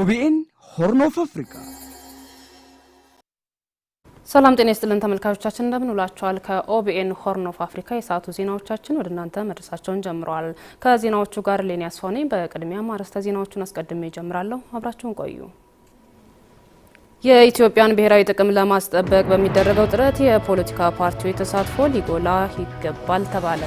ኦቢኤን ሆርን ኦፍ አፍሪካ። ሰላም ጤና ይስጥልን ተመልካቾቻችን፣ እንደምን ውላችኋል? ከኦቢኤን ሆርን ኦፍ አፍሪካ የሰዓቱ ዜናዎቻችን ወደ እናንተ መድረሳቸውን ጀምረዋል። ከዜናዎቹ ጋር ሌን ያስሆኔ። በቅድሚያ አርዕስተ ዜናዎቹን አስቀድሜ እጀምራለሁ። አብራችሁን ቆዩ። የኢትዮጵያን ብሔራዊ ጥቅም ለማስጠበቅ በሚደረገው ጥረት የፖለቲካ ፓርቲዎች ተሳትፎ ሊጎላ ይገባል ተባለ።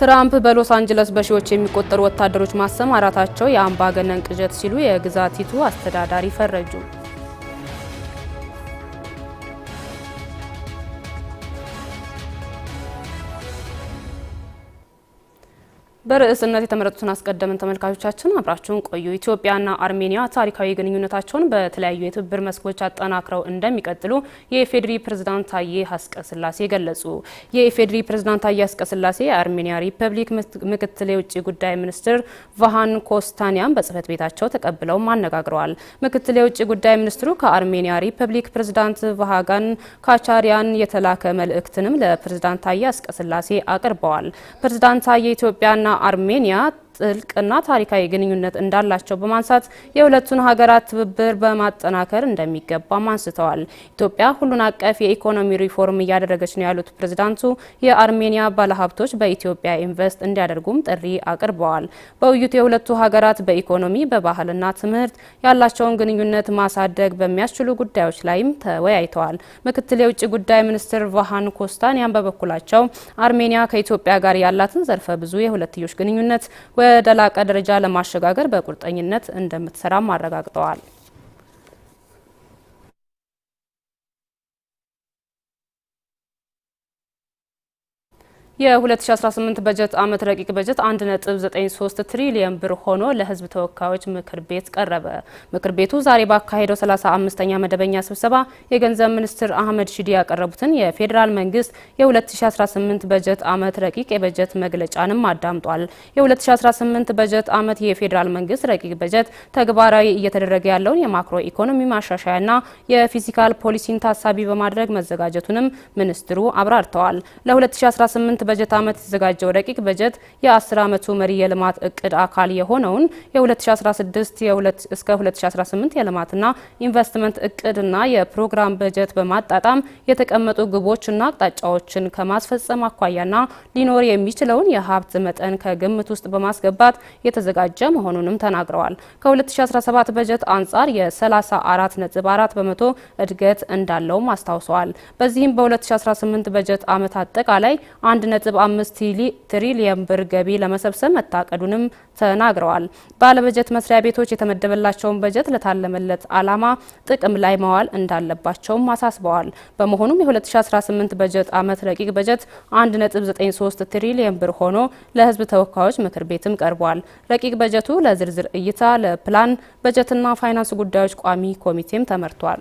ትራምፕ በሎስ አንጀለስ በሺዎች የሚቆጠሩ ወታደሮች ማሰማራታቸው የአምባገነን ቅዠት ሲሉ የግዛቲቱ አስተዳዳሪ ፈረጁ። በርዕስነት የተመረጡትን አስቀደምን። ተመልካቾቻችን አብራችሁን ቆዩ። ኢትዮጵያና አርሜኒያ ታሪካዊ ግንኙነታቸውን በተለያዩ የትብብር መስኮች አጠናክረው እንደሚቀጥሉ የኢፌዴሪ ፕሬዝዳንት ታዬ አስቀስላሴ ገለጹ። የኢፌዴሪ ፕሬዝዳንት ታዬ አስቀስላሴ የአርሜኒያ ሪፐብሊክ ምክትል የውጭ ጉዳይ ሚኒስትር ቫሃን ኮስታኒያን በጽህፈት ቤታቸው ተቀብለው አነጋግረዋል። ምክትል የውጭ ጉዳይ ሚኒስትሩ ከአርሜኒያ ሪፐብሊክ ፕሬዝዳንት ቫሃጋን ካቻሪያን የተላከ መልእክትንም ለፕሬዝዳንት ታዬ አስቀስላሴ አቅርበዋል። ፕሬዝዳንት ታዬ ኢትዮጵያና Armenia ጥልቅና ታሪካዊ ግንኙነት እንዳላቸው በማንሳት የሁለቱን ሀገራት ትብብር በማጠናከር እንደሚገባም አንስተዋል። ኢትዮጵያ ሁሉን አቀፍ የኢኮኖሚ ሪፎርም እያደረገች ነው ያሉት ፕሬዝዳንቱ የአርሜኒያ ባለሀብቶች በኢትዮጵያ ኢንቨስት እንዲያደርጉም ጥሪ አቅርበዋል። በውይይቱ የሁለቱ ሀገራት በኢኮኖሚ በባህልና ትምህርት ያላቸውን ግንኙነት ማሳደግ በሚያስችሉ ጉዳዮች ላይም ተወያይተዋል። ምክትል የውጭ ጉዳይ ሚኒስትር ቫሃን ኮስታንያን በበኩላቸው አርሜኒያ ከኢትዮጵያ ጋር ያላትን ዘርፈ ብዙ የሁለትዮሽ ግንኙነት ወደ ላቀ ደረጃ ለማሸጋገር በቁርጠኝነት እንደምትሰራም አረጋግጠዋል። የ2018 በጀት ዓመት ረቂቅ በጀት 1.93 ትሪሊየን ብር ሆኖ ለሕዝብ ተወካዮች ምክር ቤት ቀረበ። ምክር ቤቱ ዛሬ ባካሄደው 35ኛ መደበኛ ስብሰባ የገንዘብ ሚኒስትር አህመድ ሺዴ ያቀረቡትን የፌዴራል መንግስት የ2018 በጀት ዓመት ረቂቅ የበጀት መግለጫንም አዳምጧል። የ2018 በጀት ዓመት የፌዴራል መንግስት ረቂቅ በጀት ተግባራዊ እየተደረገ ያለውን የማክሮ ኢኮኖሚ ማሻሻያና የፊዚካል ፖሊሲን ታሳቢ በማድረግ መዘጋጀቱንም ሚኒስትሩ አብራርተዋል። ለ2018 በጀት ዓመት የተዘጋጀው ረቂቅ በጀት የ10 ዓመቱ መሪ የልማት እቅድ አካል የሆነውን የ2016 እስከ 2018 የልማትና ኢንቨስትመንት እቅድና የፕሮግራም በጀት በማጣጣም የተቀመጡ ግቦችና አቅጣጫዎችን ከማስፈጸም አኳያና ሊኖር የሚችለውን የሀብት መጠን ከግምት ውስጥ በማስገባት የተዘጋጀ መሆኑንም ተናግረዋል። ከ2017 በጀት አንጻር የ34.4 በመቶ እድገት እንዳለውም አስታውሰዋል። በዚህም በ2018 በጀት ዓመት አጠቃላይ አንድ ነጥብ አምስት ትሪሊየን ብር ገቢ ለመሰብሰብ መታቀዱንም ተናግረዋል። ባለበጀት መስሪያ ቤቶች የተመደበላቸውን በጀት ለታለመለት ዓላማ ጥቅም ላይ መዋል እንዳለባቸውም አሳስበዋል። በመሆኑም የ2018 በጀት ዓመት ረቂቅ በጀት 1.93 ትሪሊየን ብር ሆኖ ለሕዝብ ተወካዮች ምክር ቤትም ቀርቧል። ረቂቅ በጀቱ ለዝርዝር እይታ ለፕላን በጀትና ፋይናንስ ጉዳዮች ቋሚ ኮሚቴም ተመርቷል።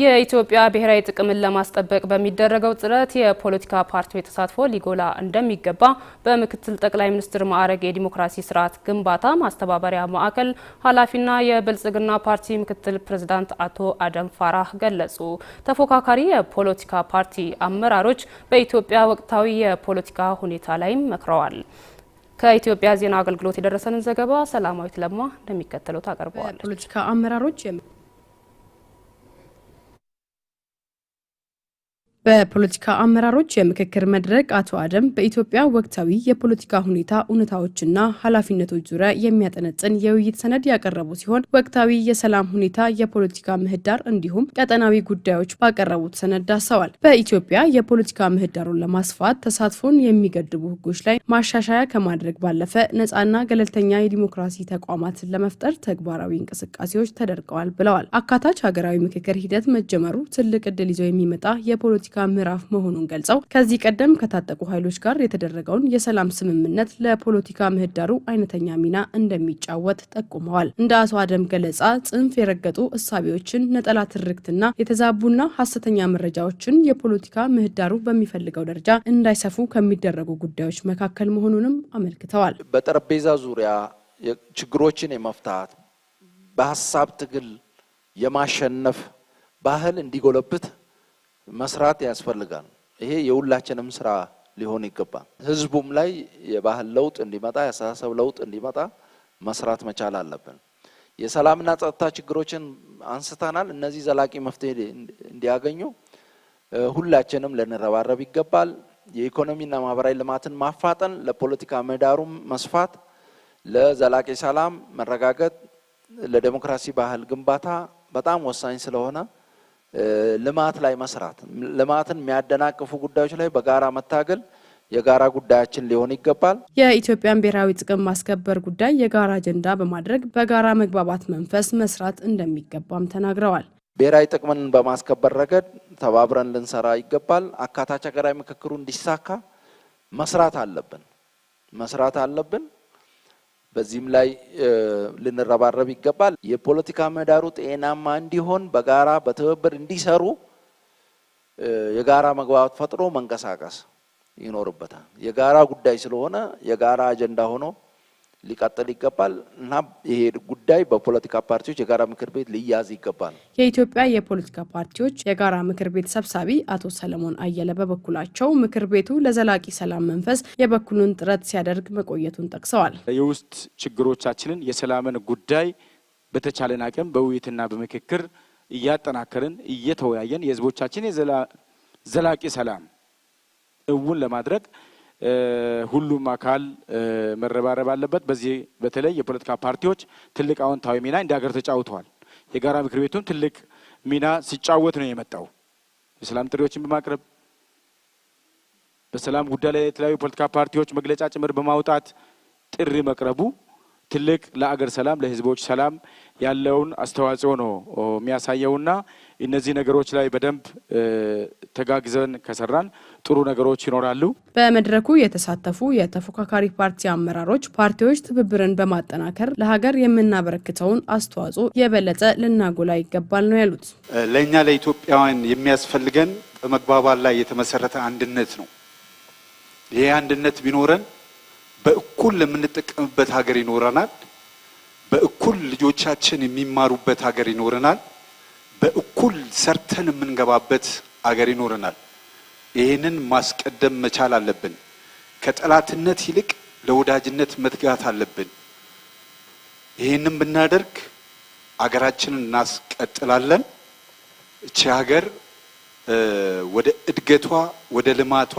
የኢትዮጵያ ብሔራዊ ጥቅምን ለማስጠበቅ በሚደረገው ጥረት የፖለቲካ ፓርቲዎች ተሳትፎ ሊጎላ እንደሚገባ በምክትል ጠቅላይ ሚኒስትር ማዕረግ የዲሞክራሲ ስርዓት ግንባታ ማስተባበሪያ ማዕከል ኃላፊና የብልጽግና ፓርቲ ምክትል ፕሬዝዳንት አቶ አደም ፋራህ ገለጹ። ተፎካካሪ የፖለቲካ ፓርቲ አመራሮች በኢትዮጵያ ወቅታዊ የፖለቲካ ሁኔታ ላይም መክረዋል። ከኢትዮጵያ ዜና አገልግሎት የደረሰንን ዘገባ ሰላማዊት ለማ እንደሚከተለው ታቀርበዋለች። ፖለቲካ አመራሮች በፖለቲካ አመራሮች የምክክር መድረክ አቶ አደም በኢትዮጵያ ወቅታዊ የፖለቲካ ሁኔታ እውነታዎችና ኃላፊነቶች ዙሪያ የሚያጠነጥን የውይይት ሰነድ ያቀረቡ ሲሆን ወቅታዊ የሰላም ሁኔታ፣ የፖለቲካ ምህዳር እንዲሁም ቀጠናዊ ጉዳዮች ባቀረቡት ሰነድ ዳሰዋል። በኢትዮጵያ የፖለቲካ ምህዳሩን ለማስፋት ተሳትፎን የሚገድቡ ህጎች ላይ ማሻሻያ ከማድረግ ባለፈ ነፃና ገለልተኛ የዲሞክራሲ ተቋማትን ለመፍጠር ተግባራዊ እንቅስቃሴዎች ተደርገዋል ብለዋል። አካታች ሀገራዊ ምክክር ሂደት መጀመሩ ትልቅ እድል ይዞ የሚመጣ የፖለቲካ የፖለቲካ ምዕራፍ መሆኑን ገልጸው ከዚህ ቀደም ከታጠቁ ኃይሎች ጋር የተደረገውን የሰላም ስምምነት ለፖለቲካ ምህዳሩ አይነተኛ ሚና እንደሚጫወት ጠቁመዋል። እንደ አቶ አደም ገለጻ ጽንፍ የረገጡ እሳቤዎችን፣ ነጠላ ትርክትና የተዛቡና ሀሰተኛ መረጃዎችን የፖለቲካ ምህዳሩ በሚፈልገው ደረጃ እንዳይሰፉ ከሚደረጉ ጉዳዮች መካከል መሆኑንም አመልክተዋል። በጠረጴዛ ዙሪያ ችግሮችን የመፍታት በሀሳብ ትግል የማሸነፍ ባህል እንዲጎለብት መስራት ያስፈልጋል። ይሄ የሁላችንም ስራ ሊሆን ይገባል። ህዝቡም ላይ የባህል ለውጥ እንዲመጣ የአስተሳሰብ ለውጥ እንዲመጣ መስራት መቻል አለብን። የሰላምና ጸጥታ ችግሮችን አንስተናል። እነዚህ ዘላቂ መፍትሄ እንዲያገኙ ሁላችንም ልንረባረብ ይገባል። የኢኮኖሚና ማህበራዊ ልማትን ማፋጠን፣ ለፖለቲካ ምህዳሩም መስፋት፣ ለዘላቂ ሰላም መረጋገጥ፣ ለዴሞክራሲ ባህል ግንባታ በጣም ወሳኝ ስለሆነ ልማት ላይ መስራት፣ ልማትን የሚያደናቅፉ ጉዳዮች ላይ በጋራ መታገል የጋራ ጉዳያችን ሊሆን ይገባል። የኢትዮጵያን ብሔራዊ ጥቅም ማስከበር ጉዳይ የጋራ አጀንዳ በማድረግ በጋራ መግባባት መንፈስ መስራት እንደሚገባም ተናግረዋል። ብሔራዊ ጥቅምን በማስከበር ረገድ ተባብረን ልንሰራ ይገባል። አካታች ሀገራዊ ምክክሩ እንዲሳካ መስራት አለብን መስራት አለብን። በዚህም ላይ ልንረባረብ ይገባል። የፖለቲካ ምህዳሩ ጤናማ እንዲሆን በጋራ በትብብር እንዲሰሩ የጋራ መግባባት ፈጥሮ መንቀሳቀስ ይኖርበታል። የጋራ ጉዳይ ስለሆነ የጋራ አጀንዳ ሆኖ ሊቀጥል ይገባል እና ይሄ ጉዳይ በፖለቲካ ፓርቲዎች የጋራ ምክር ቤት ሊያዝ ይገባል። የኢትዮጵያ የፖለቲካ ፓርቲዎች የጋራ ምክር ቤት ሰብሳቢ አቶ ሰለሞን አየለ በበኩላቸው ምክር ቤቱ ለዘላቂ ሰላም መንፈስ የበኩሉን ጥረት ሲያደርግ መቆየቱን ጠቅሰዋል። የውስጥ ችግሮቻችንን የሰላምን ጉዳይ በተቻለን አቅም በውይይትና በምክክር እያጠናከርን እየተወያየን የህዝቦቻችን የዘላቂ ሰላም እውን ለማድረግ ሁሉም አካል መረባረብ አለበት። በዚህ በተለይ የፖለቲካ ፓርቲዎች ትልቅ አዎንታዊ ሚና እንደ ሀገር ተጫውተዋል። የጋራ ምክር ቤቱም ትልቅ ሚና ሲጫወት ነው የመጣው። የሰላም ጥሪዎችን በማቅረብ በሰላም ጉዳይ ላይ የተለያዩ የፖለቲካ ፓርቲዎች መግለጫ ጭምር በማውጣት ጥሪ መቅረቡ ትልቅ ለአገር ሰላም ለህዝቦች ሰላም ያለውን አስተዋጽኦ ነው የሚያሳየውና እነዚህ ነገሮች ላይ በደንብ ተጋግዘን ከሰራን ጥሩ ነገሮች ይኖራሉ። በመድረኩ የተሳተፉ የተፎካካሪ ፓርቲ አመራሮች ፓርቲዎች ትብብርን በማጠናከር ለሀገር የምናበረክተውን አስተዋጽኦ የበለጠ ልናጎላ ይገባል ነው ያሉት። ለእኛ ለኢትዮጵያውያን የሚያስፈልገን በመግባባት ላይ የተመሰረተ አንድነት ነው። ይሄ አንድነት ቢኖረን በእኩል ለምንጠቀምበት ሀገር ይኖረናል። በእኩል ልጆቻችን የሚማሩበት ሀገር ይኖረናል። በእኩል ሰርተን የምንገባበት አገር ይኖረናል። ይህንን ማስቀደም መቻል አለብን። ከጠላትነት ይልቅ ለወዳጅነት መትጋት አለብን። ይህንም ብናደርግ አገራችንን እናስቀጥላለን። እቺ ሀገር ወደ እድገቷ ወደ ልማቷ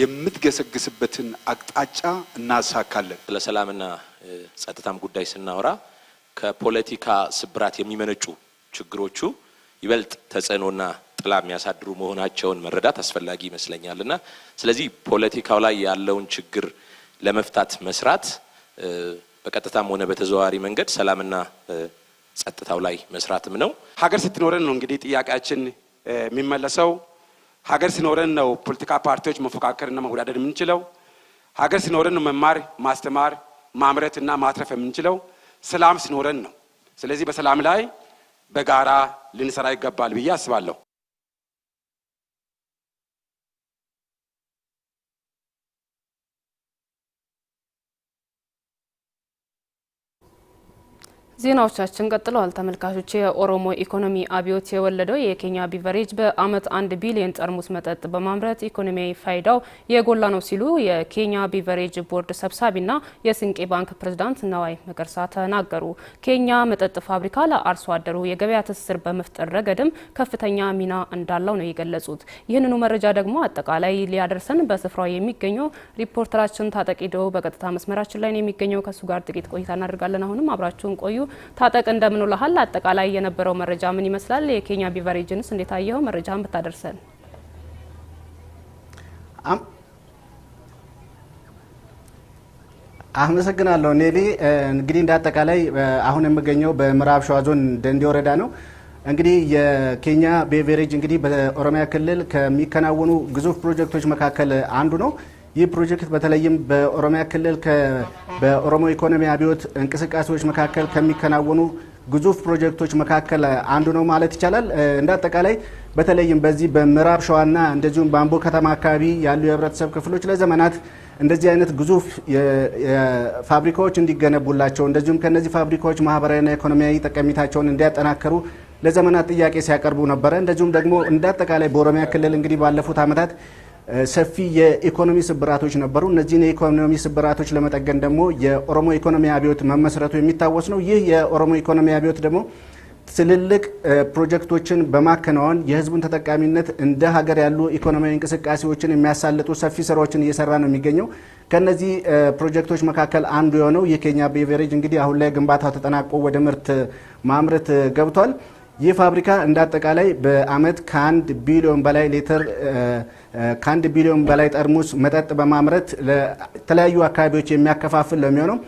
የምትገሰግስበትን አቅጣጫ እናሳካለን። ለሰላምና ጸጥታም ጉዳይ ስናወራ ከፖለቲካ ስብራት የሚመነጩ ችግሮቹ ይበልጥ ተጽዕኖና ጥላ የሚያሳድሩ መሆናቸውን መረዳት አስፈላጊ ይመስለኛል እና ስለዚህ ፖለቲካው ላይ ያለውን ችግር ለመፍታት መስራት በቀጥታም ሆነ በተዘዋዋሪ መንገድ ሰላምና ጸጥታው ላይ መስራትም ነው። ሀገር ስትኖረን ነው እንግዲህ ጥያቄያችን የሚመለሰው። ሀገር ሲኖረን ነው ፖለቲካ ፓርቲዎች መፎካከርና መወዳደር የምንችለው። ሀገር ሲኖረን ነው መማር ማስተማር ማምረትና ማትረፍ የምንችለው ሰላም ሲኖረን ነው። ስለዚህ በሰላም ላይ በጋራ ልንሰራ ይገባል ብዬ አስባለሁ። ዜናዎቻችን ቀጥለዋል ተመልካቾች። የኦሮሞ ኢኮኖሚ አብዮት የወለደው የኬንያ ቢቨሬጅ በአመት አንድ ቢሊዮን ጠርሙስ መጠጥ በማምረት ኢኮኖሚያዊ ፋይዳው የጎላ ነው ሲሉ የኬንያ ቢቨሬጅ ቦርድ ሰብሳቢና የስንቄ ባንክ ፕሬዝዳንት ነዋይ መገርሳ ተናገሩ። ኬንያ መጠጥ ፋብሪካ ለአርሶ አደሩ የገበያ ትስስር በመፍጠር ረገድም ከፍተኛ ሚና እንዳለው ነው የገለጹት። ይህንኑ መረጃ ደግሞ አጠቃላይ ሊያደርሰን በስፍራው የሚገኘው ሪፖርተራችን ታጠቂደው በቀጥታ መስመራችን ላይ ነው የሚገኘው። ከእሱ ጋር ጥቂት ቆይታ እናደርጋለን። አሁንም አብራችሁን ቆዩ። ታጠቅ እንደምንልሃል አጠቃላይ የነበረው መረጃ ምን ይመስላል? የኬንያ ቢቨሬጅንስ እንዴት አየኸው? መረጃን ብታደርሰን። አመሰግናለሁ ኔሊ። እንግዲህ እንደ አጠቃላይ አሁን የምገኘው በምዕራብ ሸዋ ዞን ደንዲ ወረዳ ነው። እንግዲህ የኬኛ ቤቬሬጅ እንግዲህ በኦሮሚያ ክልል ከሚከናወኑ ግዙፍ ፕሮጀክቶች መካከል አንዱ ነው። ይህ ፕሮጀክት በተለይም በኦሮሚያ ክልል በኦሮሞ ኢኮኖሚ አብዮት እንቅስቃሴዎች መካከል ከሚከናወኑ ግዙፍ ፕሮጀክቶች መካከል አንዱ ነው ማለት ይቻላል። እንደ አጠቃላይ በተለይም በዚህ በምዕራብ ሸዋና እንደዚሁም በአምቦ ከተማ አካባቢ ያሉ የህብረተሰብ ክፍሎች ለዘመናት እንደዚህ አይነት ግዙፍ ፋብሪካዎች እንዲገነቡላቸው እንደዚሁም ከነዚህ ፋብሪካዎች ማህበራዊና ኢኮኖሚያዊ ጠቀሜታቸውን እንዲያጠናከሩ ለዘመናት ጥያቄ ሲያቀርቡ ነበረ። እንደዚሁም ደግሞ እንደ አጠቃላይ በኦሮሚያ ክልል እንግዲህ ባለፉት ዓመታት ሰፊ የኢኮኖሚ ስብራቶች ነበሩ። እነዚህን የኢኮኖሚ ስብራቶች ለመጠገን ደግሞ የኦሮሞ ኢኮኖሚ አብዮት መመስረቱ የሚታወስ ነው። ይህ የኦሮሞ ኢኮኖሚ አብዮት ደግሞ ትልልቅ ፕሮጀክቶችን በማከናወን የህዝቡን ተጠቃሚነት እንደ ሀገር ያሉ ኢኮኖሚያዊ እንቅስቃሴዎችን የሚያሳልጡ ሰፊ ስራዎችን እየሰራ ነው የሚገኘው። ከነዚህ ፕሮጀክቶች መካከል አንዱ የሆነው የኬኛ ቤቨሬጅ እንግዲህ አሁን ላይ ግንባታው ተጠናቆ ወደ ምርት ማምረት ገብቷል። ይህ ፋብሪካ እንደ አጠቃላይ በአመት ከአንድ ቢሊዮን በላይ ሊትር ከአንድ ቢሊዮን በላይ ጠርሙስ መጠጥ በማምረት ለተለያዩ አካባቢዎች የሚያከፋፍል ለሚሆነው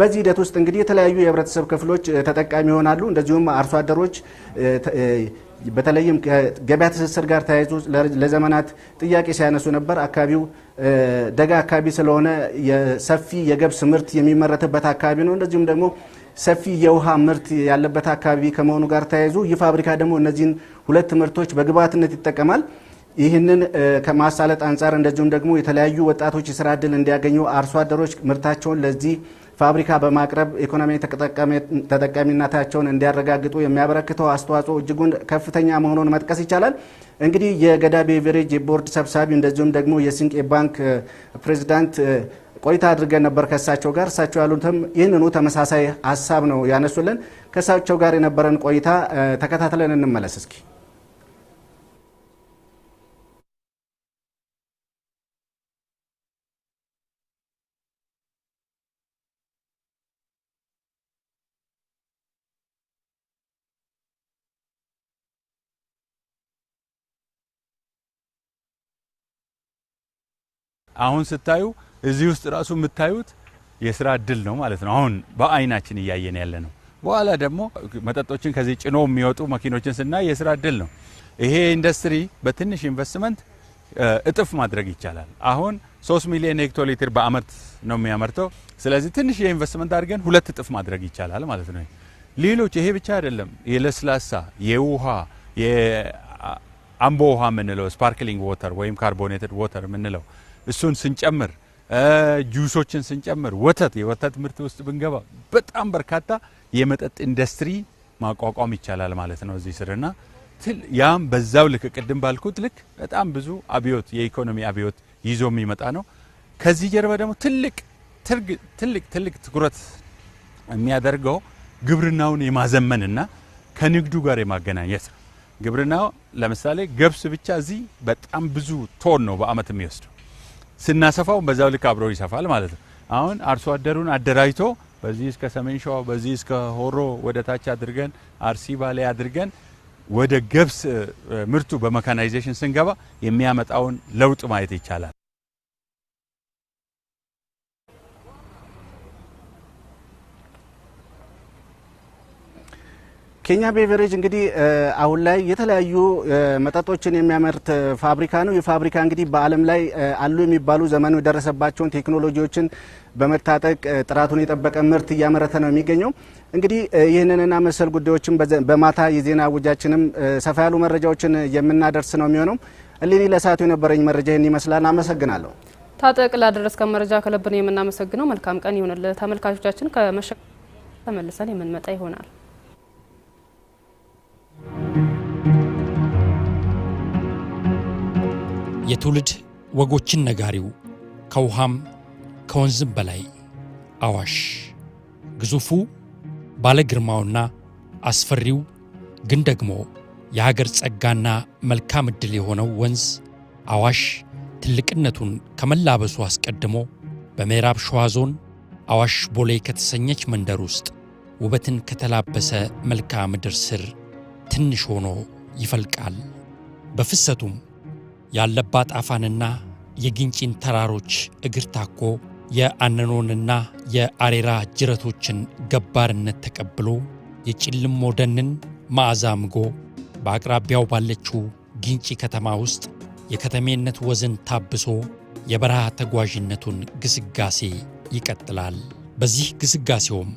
በዚህ ሂደት ውስጥ እንግዲህ የተለያዩ የህብረተሰብ ክፍሎች ተጠቃሚ ይሆናሉ። እንደዚሁም አርሶ አደሮች በተለይም ከገበያ ትስስር ጋር ተያይዞ ለዘመናት ጥያቄ ሲያነሱ ነበር። አካባቢው ደጋ አካባቢ ስለሆነ ሰፊ የገብስ ምርት የሚመረትበት አካባቢ ነው። እንደዚሁም ደግሞ ሰፊ የውሃ ምርት ያለበት አካባቢ ከመሆኑ ጋር ተያይዞ ይህ ፋብሪካ ደግሞ እነዚህን ሁለት ምርቶች በግብዓትነት ይጠቀማል። ይህንን ከማሳለጥ አንጻር እንደዚሁም ደግሞ የተለያዩ ወጣቶች የስራ እድል እንዲያገኙ አርሶ አደሮች ምርታቸውን ለዚህ ፋብሪካ በማቅረብ ኢኮኖሚ ተጠቃሚነታቸውን እንዲያረጋግጡ የሚያበረክተው አስተዋጽኦ እጅጉን ከፍተኛ መሆኑን መጥቀስ ይቻላል። እንግዲህ የገዳ ቤቨሬጅ የቦርድ ሰብሳቢ እንደዚሁም ደግሞ የሲንቄ ባንክ ፕሬዚዳንት ቆይታ አድርገን ነበር ከእሳቸው ጋር። እሳቸው ያሉትም ይህንኑ ተመሳሳይ ሀሳብ ነው ያነሱልን። ከእሳቸው ጋር የነበረን ቆይታ ተከታትለን እንመለስ እስኪ። አሁን ስታዩ እዚህ ውስጥ ራሱ የምታዩት የስራ እድል ነው ማለት ነው። አሁን በአይናችን እያየን ያለ ነው። በኋላ ደግሞ መጠጦችን ከዚህ ጭኖ የሚወጡ መኪኖችን ስናይ የስራ እድል ነው። ይሄ ኢንዱስትሪ በትንሽ ኢንቨስትመንት እጥፍ ማድረግ ይቻላል። አሁን 3 ሚሊዮን ሄክቶ ሊትር በአመት ነው የሚያመርተው። ስለዚህ ትንሽ የኢንቨስትመንት አድርገን ሁለት እጥፍ ማድረግ ይቻላል ማለት ነው። ሌሎች ይሄ ብቻ አይደለም። የለስላሳ የውሃ የአምቦ ውሃ የምንለው ስፓርክሊንግ ወተር ወይም ካርቦኔትድ ወተር የምንለው እሱን ስንጨምር ጁሶችን ስንጨምር ወተት የወተት ምርት ውስጥ ብንገባ በጣም በርካታ የመጠጥ ኢንዱስትሪ ማቋቋም ይቻላል ማለት ነው እዚህ ስርና ያም በዛው ልክ ቅድም ባልኩት ልክ በጣም ብዙ አብዮት የኢኮኖሚ አብዮት ይዞ የሚመጣ ነው። ከዚህ ጀርባ ደግሞ ትልቅ ትልቅ ትልቅ ትኩረት የሚያደርገው ግብርናውን የማዘመንና ከንግዱ ጋር የማገናኘት ነው። ግብርናው ለምሳሌ ገብስ ብቻ እዚህ በጣም ብዙ ቶን ነው በአመት የሚወስደው። ስናሰፋው በዛው ልክ አብሮ ይሰፋል ማለት ነው። አሁን አርሶ አደሩን አደራጅቶ በዚህ እስከ ሰሜን ሸዋ በዚህ እስከ ሆሮ ወደ ታች አድርገን አርሲ ባሌ አድርገን ወደ ገብስ ምርቱ በመካናይዜሽን ስንገባ የሚያመጣውን ለውጥ ማየት ይቻላል። ኬንያ ቤቨሬጅ እንግዲህ አሁን ላይ የተለያዩ መጠጦችን የሚያመርት ፋብሪካ ነው። ይህ ፋብሪካ እንግዲህ በዓለም ላይ አሉ የሚባሉ ዘመኑ የደረሰባቸውን ቴክኖሎጂዎችን በመታጠቅ ጥራቱን የጠበቀ ምርት እያመረተ ነው የሚገኘው። እንግዲህ ይህንንና መሰል ጉዳዮችን በማታ የዜና ውጃችንም ሰፋ ያሉ መረጃዎችን የምናደርስ ነው የሚሆነው። እሊኒ ለሰዓቱ የነበረኝ መረጃ ይህን ይመስላል። አመሰግናለሁ። ታጠቅ ላደረስከ መረጃ ከልብ ነው የምናመሰግነው። መልካም ቀን ይሆንል። ተመልካቾቻችን ከመሸ ተመልሰን የምንመጣ ይሆናል። የትውልድ ወጎችን ነጋሪው ከውሃም ከወንዝም በላይ አዋሽ ግዙፉ ባለ ግርማውና አስፈሪው ግን ደግሞ የሀገር ጸጋና መልካም ዕድል የሆነው ወንዝ አዋሽ ትልቅነቱን ከመላበሱ አስቀድሞ በምዕራብ ሸዋ ዞን አዋሽ ቦሌ ከተሰኘች መንደር ውስጥ ውበትን ከተላበሰ መልክዓ ምድር ስር ትንሽ ሆኖ ይፈልቃል። በፍሰቱም ያለባት አፋንና የግንጪን ተራሮች እግር ታኮ የአነኖንና የአሬራ ጅረቶችን ገባርነት ተቀብሎ የጭልሞ ደንን መዓዛ አምጎ በአቅራቢያው ባለችው ግንጪ ከተማ ውስጥ የከተሜነት ወዝን ታብሶ የበረሃ ተጓዥነቱን ግስጋሴ ይቀጥላል። በዚህ ግስጋሴውም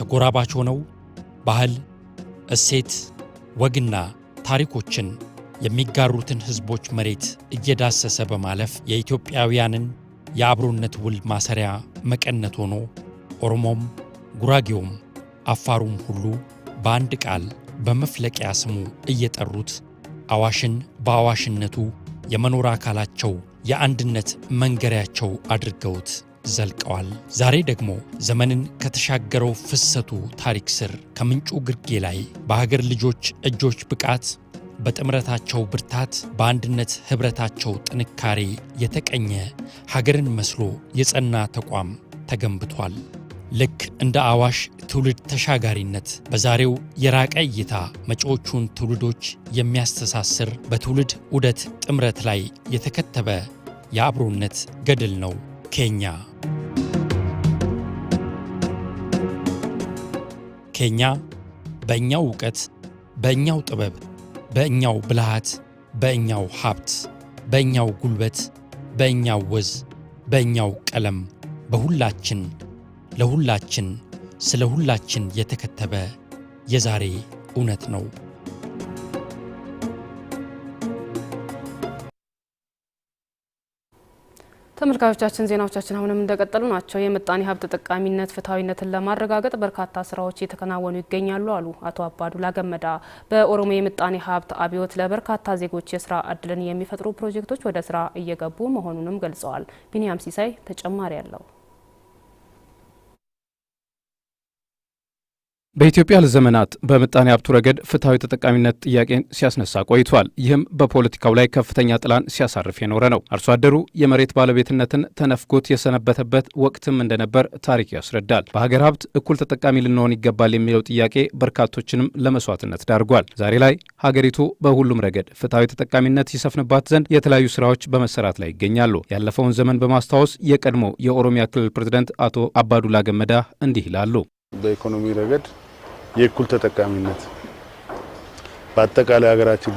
ተጎራባች ሆነው ባህል፣ እሴት ወግና ታሪኮችን የሚጋሩትን ሕዝቦች መሬት እየዳሰሰ በማለፍ የኢትዮጵያውያንን የአብሮነት ውል ማሰሪያ መቀነት ሆኖ ኦሮሞም፣ ጉራጌውም፣ አፋሩም ሁሉ በአንድ ቃል በመፍለቂያ ስሙ እየጠሩት አዋሽን በአዋሽነቱ የመኖር አካላቸው የአንድነት መንገሪያቸው አድርገውት ዘልቀዋል። ዛሬ ደግሞ ዘመንን ከተሻገረው ፍሰቱ ታሪክ ስር ከምንጩ ግርጌ ላይ በሀገር ልጆች እጆች ብቃት በጥምረታቸው ብርታት በአንድነት ኅብረታቸው ጥንካሬ የተቀኘ ሀገርን መስሎ የጸና ተቋም ተገንብቷል። ልክ እንደ አዋሽ ትውልድ ተሻጋሪነት በዛሬው የራቀ እይታ መጪዎቹን ትውልዶች የሚያስተሳስር በትውልድ ዑደት ጥምረት ላይ የተከተበ የአብሮነት ገድል ነው። ኬኛ ኬኛ በእኛው እውቀት፣ በእኛው ጥበብ፣ በእኛው ብልሃት፣ በእኛው ሀብት፣ በእኛው ጉልበት፣ በእኛው ወዝ፣ በእኛው ቀለም፣ በሁላችን ለሁላችን ስለ ሁላችን የተከተበ የዛሬ እውነት ነው። ተመልካቾቻችን ዜናዎቻችን አሁንም እንደቀጠሉ ናቸው። የምጣኔ ሀብት ተጠቃሚነት ፍትሐዊነትን ለማረጋገጥ በርካታ ስራዎች እየተከናወኑ ይገኛሉ አሉ አቶ አባዱላ ገመዳ። በኦሮሚያ የምጣኔ ሀብት አብዮት ለበርካታ ዜጎች የስራ እድልን የሚፈጥሩ ፕሮጀክቶች ወደ ስራ እየገቡ መሆኑንም ገልጸዋል። ቢኒያም ሲሳይ ተጨማሪ አለው። በኢትዮጵያ ለዘመናት በምጣኔ ሀብቱ ረገድ ፍትሐዊ ተጠቃሚነት ጥያቄን ሲያስነሳ ቆይቷል። ይህም በፖለቲካው ላይ ከፍተኛ ጥላን ሲያሳርፍ የኖረ ነው። አርሶ አደሩ የመሬት ባለቤትነትን ተነፍጎት የሰነበተበት ወቅትም እንደነበር ታሪክ ያስረዳል። በሀገር ሀብት እኩል ተጠቃሚ ልንሆን ይገባል የሚለው ጥያቄ በርካቶችንም ለመስዋዕትነት ዳርጓል። ዛሬ ላይ ሀገሪቱ በሁሉም ረገድ ፍትሐዊ ተጠቃሚነት ይሰፍንባት ዘንድ የተለያዩ ስራዎች በመሰራት ላይ ይገኛሉ። ያለፈውን ዘመን በማስታወስ የቀድሞ የኦሮሚያ ክልል ፕሬዚደንት አቶ አባዱላ ገመዳ እንዲህ ይላሉ። በኢኮኖሚ ረገድ የእኩል ተጠቃሚነት በአጠቃላይ ሀገራችን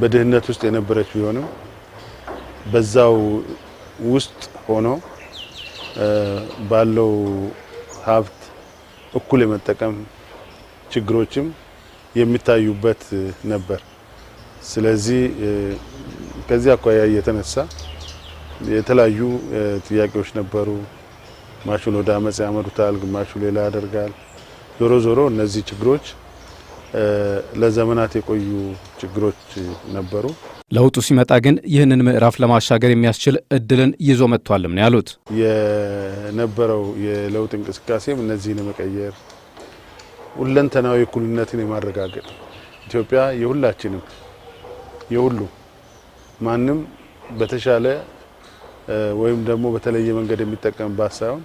በድህነት ውስጥ የነበረች ቢሆንም በዛው ውስጥ ሆኖ ባለው ሀብት እኩል የመጠቀም ችግሮችም የሚታዩበት ነበር። ስለዚህ ከዚህ አኳያ እየተነሳ የተለያዩ ጥያቄዎች ነበሩ። ማሹን ወደ አመፅ ያመሩታል፣ ግማሹ ሌላ ያደርጋል። ዞሮ ዞሮ እነዚህ ችግሮች ለዘመናት የቆዩ ችግሮች ነበሩ። ለውጡ ሲመጣ ግን ይህንን ምዕራፍ ለማሻገር የሚያስችል እድልን ይዞ መጥቷልም ነው ያሉት። የነበረው የለውጥ እንቅስቃሴም እነዚህን የመቀየር ሁለንተናዊ እኩልነትን የማረጋገጥ ኢትዮጵያ የሁላችንም የሁሉ ማንም በተሻለ ወይም ደግሞ በተለየ መንገድ የሚጠቀምባት ሳይሆን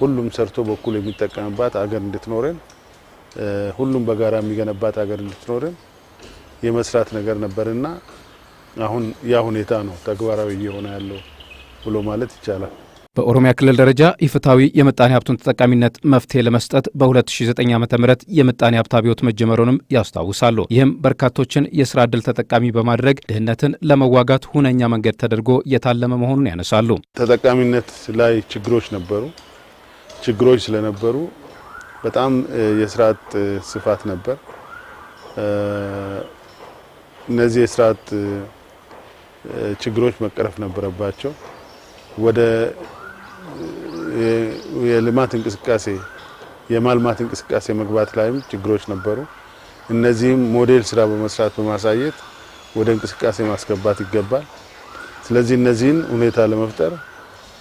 ሁሉም ሰርቶ በኩል የሚጠቀምባት አገር እንድትኖረን ሁሉም በጋራ የሚገነባት አገር እንድትኖረን የመስራት ነገር ነበርና አሁን ያ ሁኔታ ነው ተግባራዊ እየሆነ ያለው ብሎ ማለት ይቻላል። በኦሮሚያ ክልል ደረጃ ኢፍትሐዊ የምጣኔ ሀብቱን ተጠቃሚነት መፍትሄ ለመስጠት በ2009 ዓ ም የምጣኔ ሀብት አብዮት መጀመሩንም ያስታውሳሉ። ይህም በርካቶችን የስራ ዕድል ተጠቃሚ በማድረግ ድህነትን ለመዋጋት ሁነኛ መንገድ ተደርጎ የታለመ መሆኑን ያነሳሉ። ተጠቃሚነት ላይ ችግሮች ነበሩ። ችግሮች ስለነበሩ በጣም የስርዓት ስፋት ነበር። እነዚህ የስርዓት ችግሮች መቀረፍ ነበረባቸው። ወደ የልማት እንቅስቃሴ የማልማት እንቅስቃሴ መግባት ላይም ችግሮች ነበሩ። እነዚህም ሞዴል ስራ በመስራት በማሳየት ወደ እንቅስቃሴ ማስገባት ይገባል። ስለዚህ እነዚህን ሁኔታ ለመፍጠር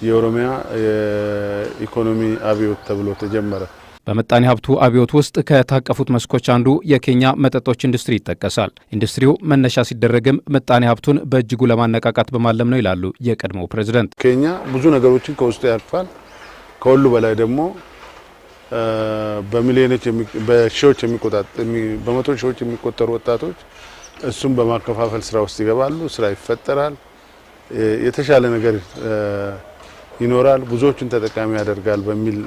የኦሮሚያ የኢኮኖሚ አብዮት ተብሎ ተጀመረ። በምጣኔ ሀብቱ አብዮት ውስጥ ከታቀፉት መስኮች አንዱ የኬንያ መጠጦች ኢንዱስትሪ ይጠቀሳል። ኢንዱስትሪው መነሻ ሲደረግም ምጣኔ ሀብቱን በእጅጉ ለማነቃቃት በማለም ነው ይላሉ የቀድሞው ፕሬዝደንት። ኬንያ ብዙ ነገሮችን ከውስጡ ያርፋል ከሁሉ በላይ ደግሞ በሚሊዮኖች በሺዎች በመቶ ሺዎች የሚቆጠሩ ወጣቶች እሱም በማከፋፈል ስራ ውስጥ ይገባሉ። ስራ ይፈጠራል። የተሻለ ነገር ይኖራል፣ ብዙዎችን ተጠቃሚ ያደርጋል በሚል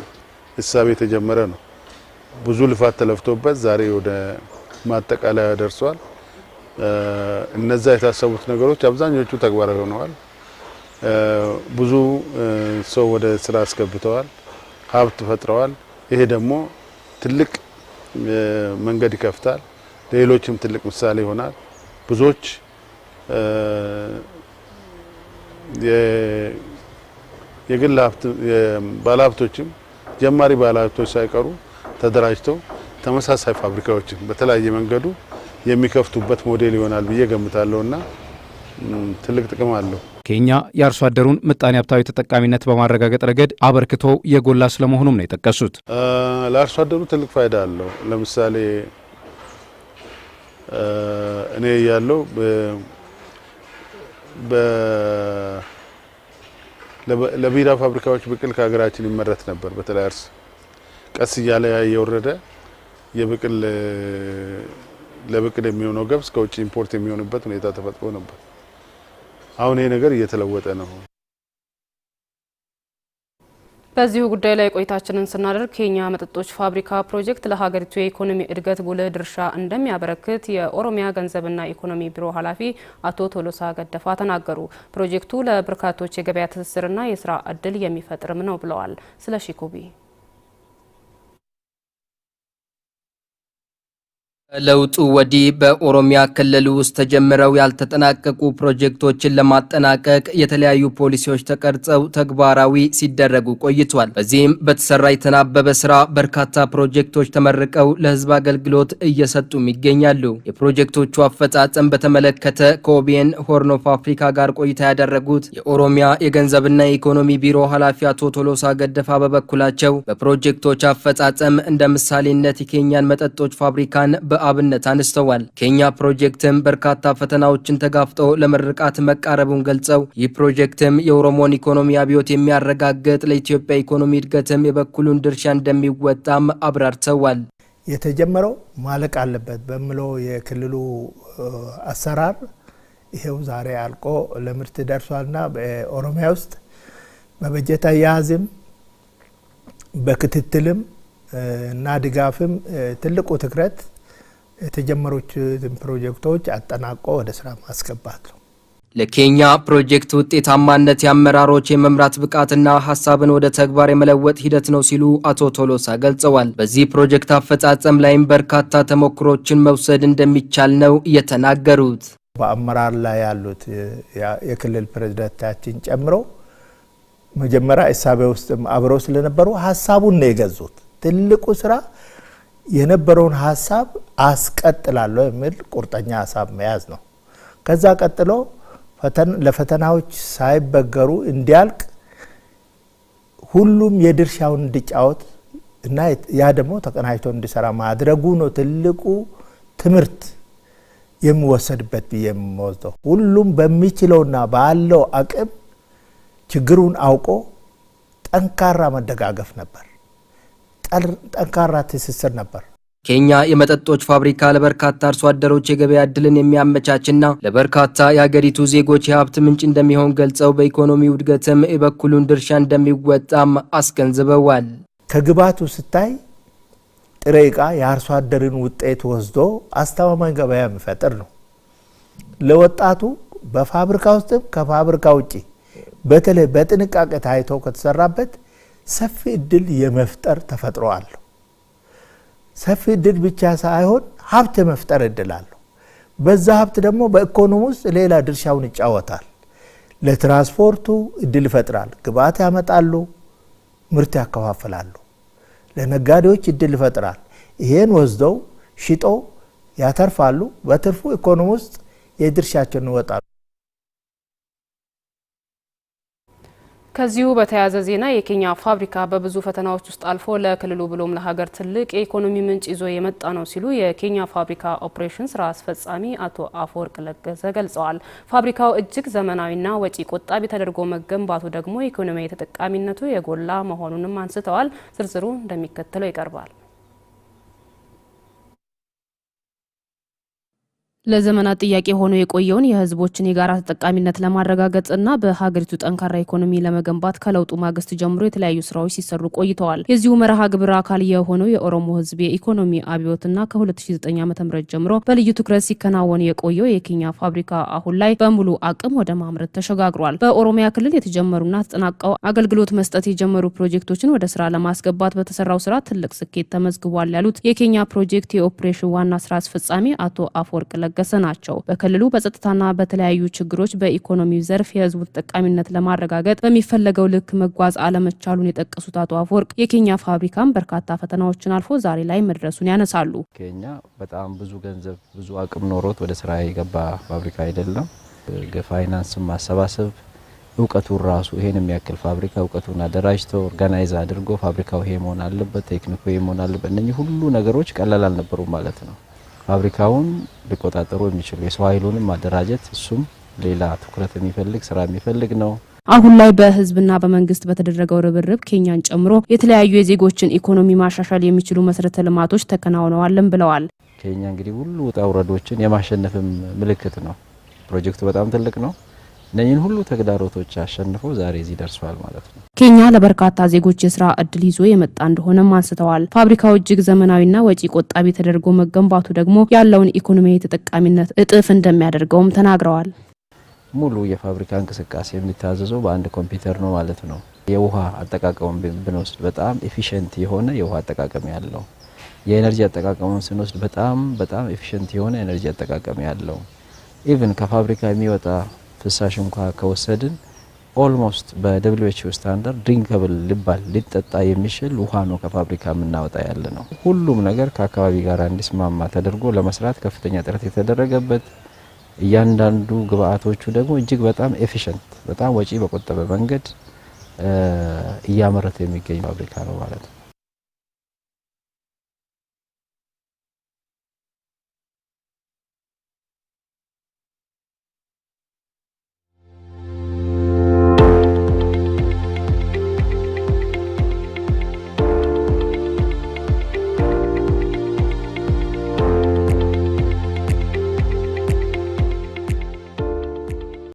እሳቤ የተጀመረ ነው። ብዙ ልፋት ተለፍቶበት ዛሬ ወደ ማጠቃለያ ደርሷል። እነዛ የታሰቡት ነገሮች አብዛኞቹ ተግባራዊ ሆነዋል። ብዙ ሰው ወደ ስራ አስገብተዋል፣ ሀብት ፈጥረዋል። ይሄ ደግሞ ትልቅ መንገድ ይከፍታል፣ ሌሎችም ትልቅ ምሳሌ ይሆናል። ብዙዎች የግል ባለሀብቶችም ጀማሪ ባለሀብቶች ሳይቀሩ ተደራጅተው ተመሳሳይ ፋብሪካዎችን በተለያየ መንገዱ የሚከፍቱበት ሞዴል ይሆናል ብዬ ገምታለሁ እና ትልቅ ጥቅም አለው። ኬንያ የአርሶ አደሩን ምጣኔ ሀብታዊ ተጠቃሚነት በማረጋገጥ ረገድ አበርክቶ የጎላ ስለመሆኑም ነው የጠቀሱት። ለአርሶ አደሩ ትልቅ ፋይዳ አለው። ለምሳሌ እኔ ያለው ለቢራ ፋብሪካዎች ብቅል ከሀገራችን ይመረት ነበር። በተለይ እርስ ቀስ እያለ የወረደ የብቅል ለብቅል የሚሆነው ገብስ ከውጭ ኢምፖርት የሚሆንበት ሁኔታ ተፈጥሮ ነበር። አሁን ይሄ ነገር እየተለወጠ ነው። በዚሁ ጉዳይ ላይ ቆይታችንን ስናደርግ ኬኛ መጠጦች ፋብሪካ ፕሮጀክት ለሀገሪቱ የኢኮኖሚ እድገት ጉልህ ድርሻ እንደሚያበረክት የኦሮሚያ ገንዘብና ኢኮኖሚ ቢሮ ኃላፊ አቶ ቶሎሳ ገደፋ ተናገሩ። ፕሮጀክቱ ለበርካቶች የገበያ ትስስርና የስራ እድል የሚፈጥርም ነው ብለዋል። ስለ ሺኩቢ ከለውጡ ወዲህ በኦሮሚያ ክልል ውስጥ ተጀምረው ያልተጠናቀቁ ፕሮጀክቶችን ለማጠናቀቅ የተለያዩ ፖሊሲዎች ተቀርጸው ተግባራዊ ሲደረጉ ቆይቷል። በዚህም በተሰራ የተናበበ ስራ በርካታ ፕሮጀክቶች ተመርቀው ለህዝብ አገልግሎት እየሰጡም ይገኛሉ። የፕሮጀክቶቹ አፈጻጸም በተመለከተ ከኦቢኤን ሆርን ኦፍ አፍሪካ ጋር ቆይታ ያደረጉት የኦሮሚያ የገንዘብና የኢኮኖሚ ቢሮ ኃላፊ አቶ ቶሎሳ ገደፋ በበኩላቸው በፕሮጀክቶች አፈጻጸም እንደ ምሳሌነት የኬንያን መጠጦች ፋብሪካን በ በአብነት አነስተዋል። ኬኛ ፕሮጀክትም በርካታ ፈተናዎችን ተጋፍጦ ለምርቃት መቃረቡን ገልጸው ይህ ፕሮጀክትም የኦሮሞን ኢኮኖሚ አብዮት የሚያረጋግጥ ለኢትዮጵያ ኢኮኖሚ እድገትም የበኩሉን ድርሻ እንደሚወጣም አብራርተዋል። የተጀመረው ማለቅ አለበት በሚለው የክልሉ አሰራር ይሄው ዛሬ አልቆ ለምርት ደርሷልና በኦሮሚያ ውስጥ በበጀት አያያዝም በክትትልም እና ድጋፍም ትልቁ ትኩረት የተጀመሩትን ፕሮጀክቶች አጠናቆ ወደ ስራ ማስገባት ነው። ለኬኛ ፕሮጀክት ውጤታማነት የአመራሮች የመምራት ብቃትና ሀሳብን ወደ ተግባር የመለወጥ ሂደት ነው ሲሉ አቶ ቶሎሳ ገልጸዋል። በዚህ ፕሮጀክት አፈጻጸም ላይም በርካታ ተሞክሮችን መውሰድ እንደሚቻል ነው የተናገሩት። በአመራር ላይ ያሉት የክልል ፕሬዚደንታችን ጨምሮ መጀመሪያ እሳቤ ውስጥ አብረው ስለነበሩ ሀሳቡን ነው የገዙት። ትልቁ ስራ የነበረውን ሀሳብ አስቀጥላለሁ የሚል ቁርጠኛ ሀሳብ መያዝ ነው። ከዛ ቀጥሎ ለፈተናዎች ሳይበገሩ እንዲያልቅ ሁሉም የድርሻውን እንዲጫወት እና ያ ደግሞ ተቀናጅቶ እንዲሰራ ማድረጉ ነው ትልቁ ትምህርት የሚወሰድበት ብዬ የምወስደው። ሁሉም በሚችለውና ባለው አቅም ችግሩን አውቆ ጠንካራ መደጋገፍ ነበር፣ ጠንካራ ትስስር ነበር። ኬንያ የመጠጦች ፋብሪካ ለበርካታ አርሶ አደሮች የገበያ እድልን የሚያመቻችና ለበርካታ የሀገሪቱ ዜጎች የሀብት ምንጭ እንደሚሆን ገልጸው በኢኮኖሚ ውድገትም የበኩሉን ድርሻ እንደሚወጣም አስገንዝበዋል። ከግባቱ ስታይ ጥሬ እቃ የአርሶ አደርን ውጤት ወስዶ አስተማማኝ ገበያ የሚፈጥር ነው። ለወጣቱ በፋብሪካ ውስጥም ከፋብሪካ ውጭ በተለይ በጥንቃቄ ታይቶ ከተሰራበት ሰፊ እድል የመፍጠር ተፈጥሮ አለው። ሰፊ እድል ብቻ ሳይሆን ሀብት የመፍጠር እድል አለው። በዛ ሀብት ደግሞ በኢኮኖሚ ውስጥ ሌላ ድርሻውን ይጫወታል። ለትራንስፖርቱ እድል ይፈጥራል። ግብአት ያመጣሉ፣ ምርት ያከፋፍላሉ። ለነጋዴዎች እድል ይፈጥራል። ይሄን ወስደው ሽጦ ያተርፋሉ። በትርፉ ኢኮኖሚ ውስጥ የድርሻቸውን ይወጣሉ። ከዚሁ በተያያዘ ዜና የኬንያ ፋብሪካ በብዙ ፈተናዎች ውስጥ አልፎ ለክልሉ ብሎም ለሀገር ትልቅ የኢኮኖሚ ምንጭ ይዞ የመጣ ነው ሲሉ የኬንያ ፋብሪካ ኦፕሬሽን ስራ አስፈጻሚ አቶ አፈወርቅ ለገሰ ገልጸዋል። ፋብሪካው እጅግ ዘመናዊና ወጪ ቆጣቢ ተደርጎ መገንባቱ ደግሞ ኢኮኖሚያዊ ተጠቃሚነቱ የጎላ መሆኑንም አንስተዋል። ዝርዝሩ እንደሚከተለው ይቀርባል። ለዘመናት ጥያቄ ሆኖ የቆየውን የህዝቦችን የጋራ ተጠቃሚነት እና በሀገሪቱ ጠንካራ ኢኮኖሚ ለመገንባት ከለውጡ ማግስት ጀምሮ የተለያዩ ስራዎች ሲሰሩ ቆይተዋል። የዚሁ መርሃ ግብር አካል የሆነው የኦሮሞ ህዝብ የኢኮኖሚ አብዮትና ከ2009 ዓ ም ጀምሮ በልዩ ትኩረት ሲከናወን የቆየው የኬኛ ፋብሪካ አሁን ላይ በሙሉ አቅም ወደ ማምረት ተሸጋግሯል። በኦሮሚያ ክልል የተጀመሩና ተጠናቀው አገልግሎት መስጠት የጀመሩ ፕሮጀክቶችን ወደ ስራ ለማስገባት በተሰራው ስራ ትልቅ ስኬት ተመዝግቧል ያሉት የኬኛ ፕሮጀክት የኦፕሬሽን ዋና ስራ አስፈጻሚ አቶ አፈወርቅ ለጋ ለገሰ ናቸው። በክልሉ በጸጥታና በተለያዩ ችግሮች በኢኮኖሚው ዘርፍ የህዝቡ ተጠቃሚነት ለማረጋገጥ በሚፈለገው ልክ መጓዝ አለመቻሉን የጠቀሱት አቶ አፈወርቅ የኬኛ ፋብሪካም በርካታ ፈተናዎችን አልፎ ዛሬ ላይ መድረሱን ያነሳሉ። ኬኛ በጣም ብዙ ገንዘብ ብዙ አቅም ኖሮት ወደ ስራ የገባ ፋብሪካ አይደለም። ፋይናንስ ማሰባሰብ እውቀቱን ራሱ ይሄን የሚያክል ፋብሪካ እውቀቱን አደራጅቶ ኦርጋናይዝ አድርጎ ፋብሪካው ይሄ መሆን አለበት፣ ቴክኒኩ ይሄ መሆን አለበት። እነኚህ ሁሉ ነገሮች ቀላል አልነበሩም ማለት ነው። ፋብሪካውን ሊቆጣጠሩ የሚችሉ የሰው ኃይሉንም ማደራጀት እሱም ሌላ ትኩረት የሚፈልግ ስራ የሚፈልግ ነው። አሁን ላይ በህዝብና በመንግስት በተደረገው ርብርብ ኬንያን ጨምሮ የተለያዩ የዜጎችን ኢኮኖሚ ማሻሻል የሚችሉ መሰረተ ልማቶች ተከናውነዋልም ብለዋል። ኬንያ እንግዲህ ሁሉ ውጣ ውረዶችን የማሸነፍም ምልክት ነው። ፕሮጀክቱ በጣም ትልቅ ነው። እነኝን ሁሉ ተግዳሮቶች አሸንፎ ዛሬ እዚህ ደርሷል ማለት ነው። ኬንያ ለበርካታ ዜጎች የስራ እድል ይዞ የመጣ እንደሆነም አንስተዋል። ፋብሪካው እጅግ ዘመናዊና ወጪ ቆጣቢ ተደርጎ መገንባቱ ደግሞ ያለውን ኢኮኖሚያዊ ተጠቃሚነት እጥፍ እንደሚያደርገውም ተናግረዋል። ሙሉ የፋብሪካ እንቅስቃሴ የሚታዘዘው በአንድ ኮምፒውተር ነው ማለት ነው። የውሃ አጠቃቀሙን ብንወስድ በጣም ኤፊሽንት የሆነ የውሃ አጠቃቀም ያለው፣ የኤነርጂ አጠቃቀሙን ስንወስድ በጣም በጣም ኤፊሽንት የሆነ ኤነርጂ አጠቃቀም ያለው ኢቭን ከፋብሪካ የሚወጣ ፍሳሽ እንኳ ከወሰድን ኦልሞስት በደብሊው ስታንዳርድ ድሪንከብል ሊባል ሊጠጣ የሚችል ውሃ ነው ከፋብሪካ የምናወጣ ያለ ነው። ሁሉም ነገር ከአካባቢ ጋር እንዲስማማ ተደርጎ ለመስራት ከፍተኛ ጥረት የተደረገበት እያንዳንዱ ግብአቶቹ ደግሞ እጅግ በጣም ኤፊሽንት በጣም ወጪ በቆጠበ መንገድ እያመረተ የሚገኝ ፋብሪካ ነው ማለት ነው።